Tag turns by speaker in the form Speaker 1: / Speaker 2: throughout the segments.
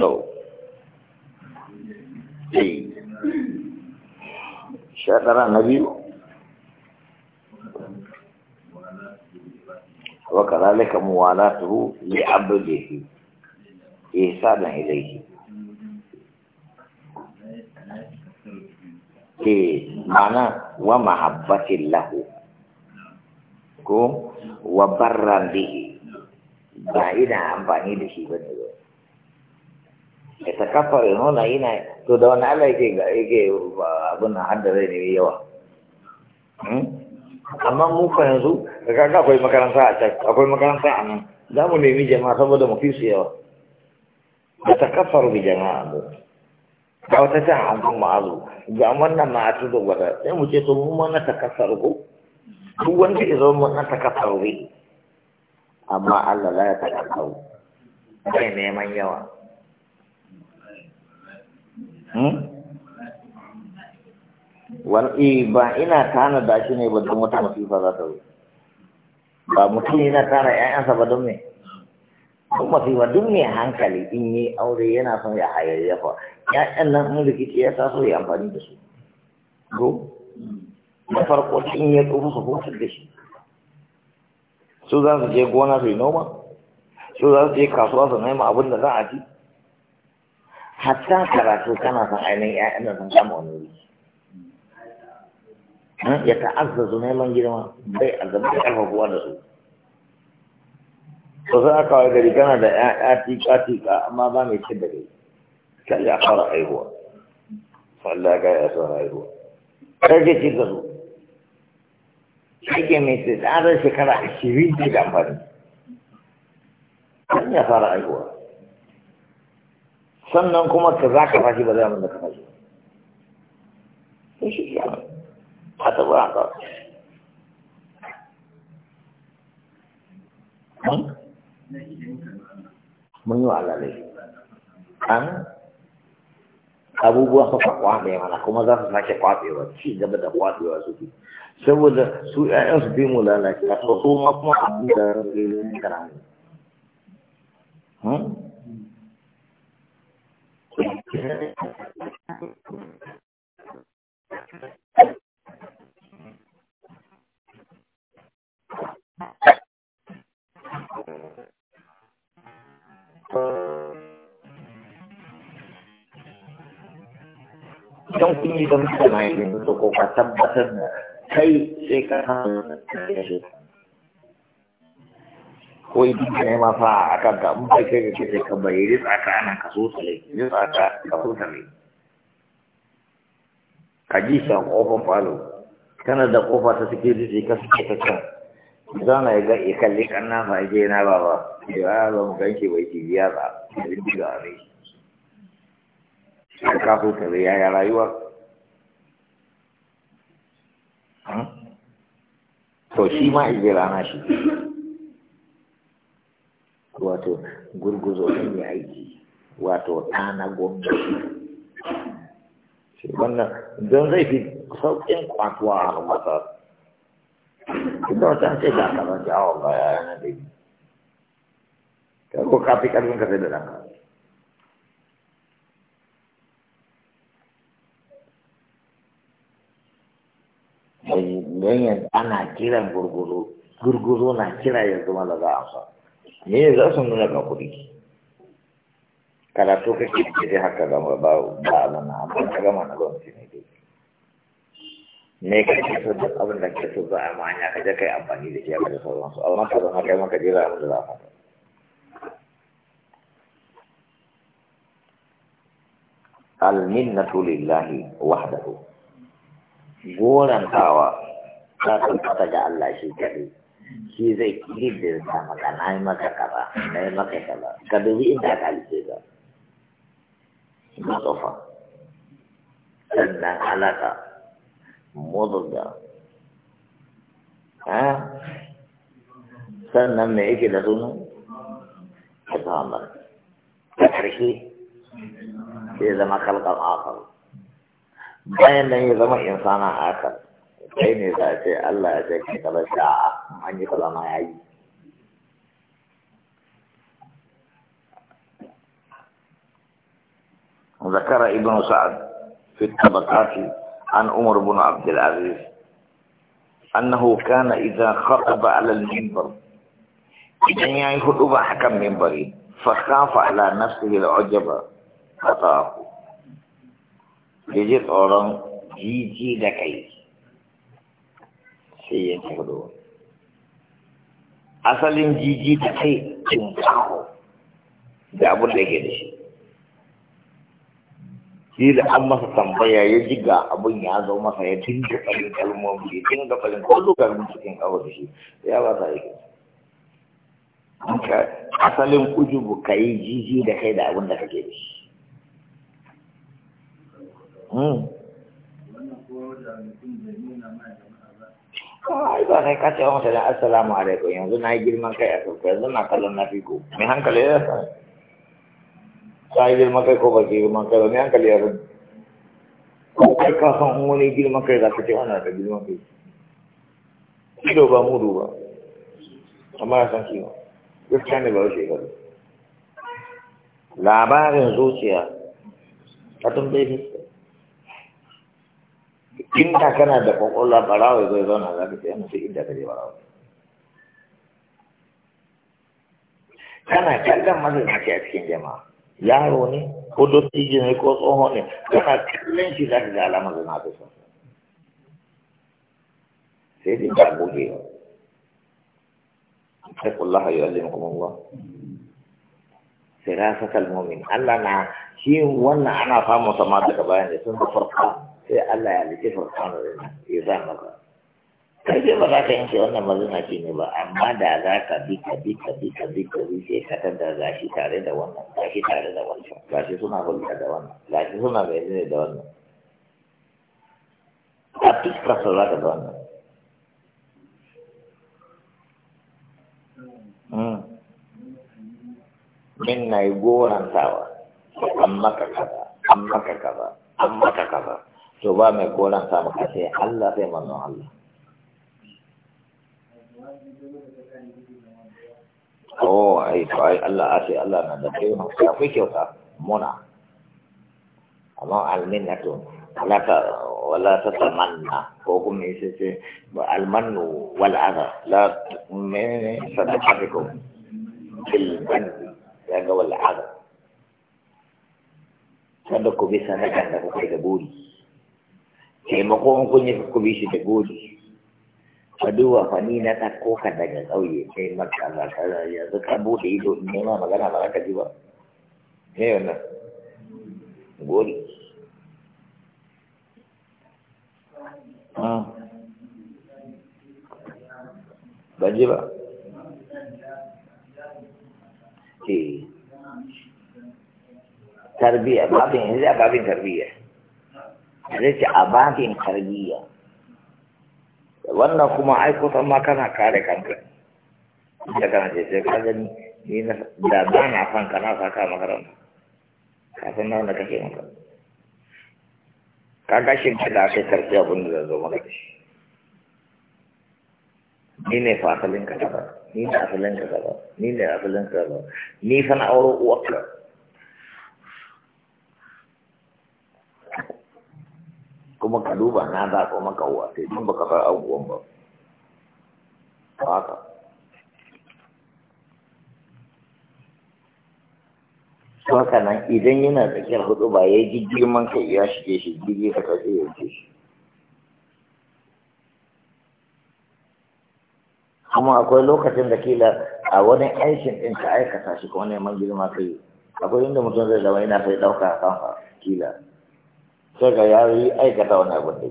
Speaker 1: So, eh, saya terang lagi. Wakalaleka muwalatuhu li'abdihi. Isa dan ilaihi. Ke eh, mana wa mahabbatin lahu. Kum wa barrandihi. Baiklah, ampani di sini. ya ta kafa ya nuna yana to da wani Allah yake ga yake abin har da zai nemi yawa hmm? amma mu fa yanzu kaga akwai makaranta a can akwai makaranta a nan za mu nemi jama'a saboda mu fi su yawa da ta kafaru bi jama'a mu ga wata ta hankali ma'azu ga wannan ma'atu da gwada sai mu ce to mu ma na ta kafaru ko duk wanda ya zama na ta kafaru amma Allah la ya ta kafaru bai neman yawa Hmm? wani ba ina tana da shi ne ba don wata masifa za ta zo ba mutum yana tara ‘ya'yansa ba don ne, don masifa don ne hankali in yi aure yana son ya hayayyafa ‘ya'yan nan in rikici ya so ya amfani da su go na farko in ya tsofa su kuma da shi su za su je gona su yi noma su za su je kasuwa su nema abin da za a ci hatta karatu kana son ainihin ‘ya'yan nan sun kama wani wuri hmm? ya ta'azzazu neman girma bai a zama ƙarfafuwa da su to sai aka wai gari kana da ‘ya'ya tika-tika amma ba mai cin da kai a ya fara haihuwa Allah ga ya fara haihuwa kai ke cin da su kai ke mai tsarar shekara ashirin ke da amfani kan ya fara haihuwa sannan kuma ka za ka fashi ba za mu da ka fashi shi ya a saboda haka hmm? mun yi wa alalai an abubuwan suka kwaɓe mana kuma za su sake kwaɓewa ci gaba da su, suke saboda su ƴaƴan su fi mu lalace a tsoho ma kuma abin da rarrabe ne karami 中天根本没用，就靠自身本身，嘿，一个哈。ko idan ka nema fa a kan ka mun kai ka ce ka bai ritsa ka anan ka so sai ritsa ka ka so sai ka ji sa a kofar falo kana da kofa ta sai ka suke ka can zana ya ga ya kalli kan na fa je na baba ya ba mu ganke bai ki biya ba idan diga ne ka ka so sale ya ya rayuwa hmm? to shi ma ijira na shi wato gurguzo ya aiki wato ɗana gwamnati wannan don zai fi sauƙin kwatuwa a masar ita wata ce ka kamar ta awon baya yana da yi ta ko kafi ƙarfin ka sai da ɗanka Ganyen ana kiran gurguzo gurguzo na kira yanzu mana da za a sa ne za su nuna ka kuɗi karatu ka ke dai haka gama ba ba mana amma ka gama na gwamnati ne dai ne ka ke so duk abin da ke so za a ma hanya kaje kai amfani da shi haka da sauransu amma ka zama kai maka jira abin da za a na faɗa alminnatu lillahi wahdahu gorantawa ta tabbata ga Allah shi shi zai kiri da maka na yi maka kaza na yi maka kaza ka dubi inda aka halice ka matsofa sannan alaka mudda sannan me yake da suna azamar ta ƙarshe sai zama kalkan akar bayan nan ya zama insana akar Allah ذكر ابن سعد في الطبقات عن عمر بن عبد العزيز أنه كان إذا خطب على المنبر جميع خطب حكم منبري فخاف على نفسه العجب خطاه يجد أوران جي جي لكي sai yanke hudu asalin jiji da kai cin kawo da abin da yake da shi shi da an masa tambaya ya ji ga abin ya zo masa ya dinga kalin kalmomi ya dinga farin kwallo kalmomi cikin kawo da shi ya ba sa yake asalin ujubu ka yi jiji da kai da abin da kake da shi Hmm. Kawai ba sai ka ce wa mutane assalamu alaikum yanzu na yi girman kai a sauka yanzu na kallon na fiko. Mai hankali ya san. Ka yi girman kai ko ba ki girman kai ba mai hankali ya san. Ko kai ka san wani girman kai za ka ce wannan da girman kai. Ido ba mudu ba. Amma ya san kima. Gaskiya ne ba wuce ba. Labarin zuciya. Ka tambaye fuska. inda kana da kwakwalwa barawa zai zauna za ka tsaye musu inda ka je barawa kana kallon mazinaci a cikin jama'a yaro ne ko dottiji ne ko tsoho ne kana kallon shi za ka ga alamar zina ta sa sai dai ba gogewa sai kullaha yi alimukumullah firasat al-mu'min Allah na shi wannan ana samu sama daga bayan da sun da farko sai Allah ya liki farko da ya za maka kai sai ba za ka yanke wannan mazina ce ne ba amma da za ka bi ka bi ka bi ka bi ka bi sai ka tada gashi tare da wannan gashi tare da wancan gashi suna hulɗa da wannan shi suna bayyana da wannan a fuskarsa za ka da wannan hmm. min na yi gorantawa an maka kaza an maka kaza an maka kaza to ba mai goranta maka sai Allah sai manzon Allah oh ai to ai Allah sai Allah na da kai fi kyauta muna amma alminnatu wala ta wala ta tamanna ko kuma yace ce ba almanu wal adha la min sadaqatikum fil banni ya ga wal azab kada ku bi sanakan da kuka da buri taimakon kun yi ku bi shi da buri ka fani na ka daga kauye sai maka ba ka yanzu ka bude ido magana ba ka ji ba me wannan gori ah. ban ji ba ke tarbiyya babin yanzu a babin tarbiyya zai ce a babin tarbiyya wannan kuma ai kusan ma kana kare kanka da kana ce sai ka gani ni na da ba na fan kana saka makaranta kafin na wanda kake maka ka gashin da aka yi abin da zai zo mana da shi ni ne fa asalin ka daban ni ne asalin ka daban ni ne asalin ka daban ni fa na auro uwarka kuma ka duba na za ko maka uwa sai dun baka bar abu ba haka to nan idan yana tsakiyar hudu ba ya yi girman kai ya shige shi gigi ka kaje ya ce shi kuma akwai lokacin da kila a wani aikin ɗin ka aikata shi kuma neman girma kai akwai inda mutum zai zama yana sai ɗauka a kila sai ga ya yi aikata wani abin da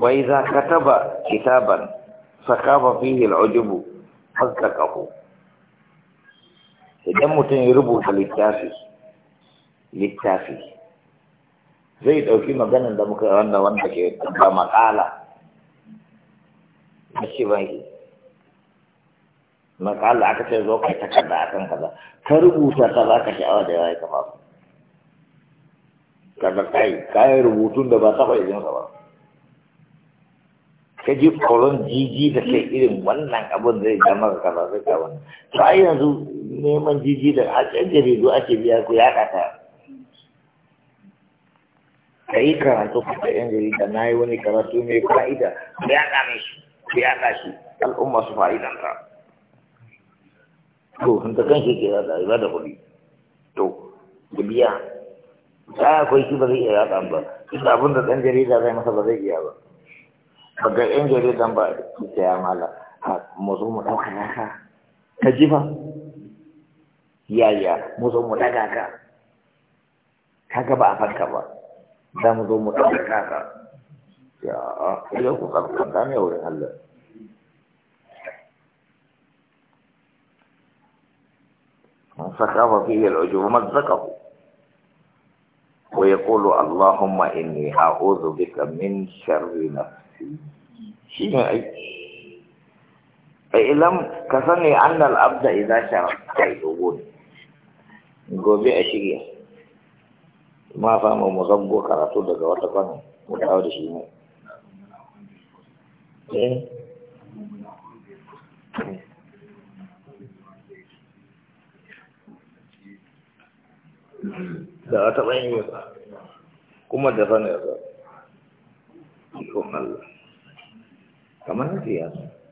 Speaker 1: wai za ka taba kitaban sakafa fihi al'ujubu hazzaqahu idan mutum ya rubuta littafi littafi zai ɗauki maganar da muka wanda wanda ke ba maƙala shi banki Allah aka ce zo kai takarda akan kaza ka rubuta ta za ka sha'awa da yawa ka kama ka kaza kai kayan rubutun da ba taɓa izin ba ka ji kolon jiji da kai irin wannan abin zai ga maka kaza sai ka wannan to ai yanzu neman jiji da a can jaridu ake biya ku ya kata ka yi karatu ka yan jarida na yi wani karatu mai fa'ida ya kame shi ku yaɗa shi al'umma su fa'idanta to da kan shi ke yaɗa ba da kuɗi to da biya ta akwai shi ba zai iya yaɗa ba duk abin da ɗan jarida zai masa ba zai iya ba ba ga ɗan jaridan ba ita ya mala mu zo mu ɗauka naka ka ji fa yaya mu zo mu ka kaga ba a fanka ba za mu zo mu ɗauka naka فخاف فيه العجب مزقه ويقول اللهم إني أعوذ بك من شر نفسي شيء أي لم كفني أن الأبد إذا شرب يدوبون غبي بأشياء ما فهم مزبو كراتو دقوة قنو متعود شيء eh da a taɓa yin yasa kuma da sanar da ikon Allah kamar siyasa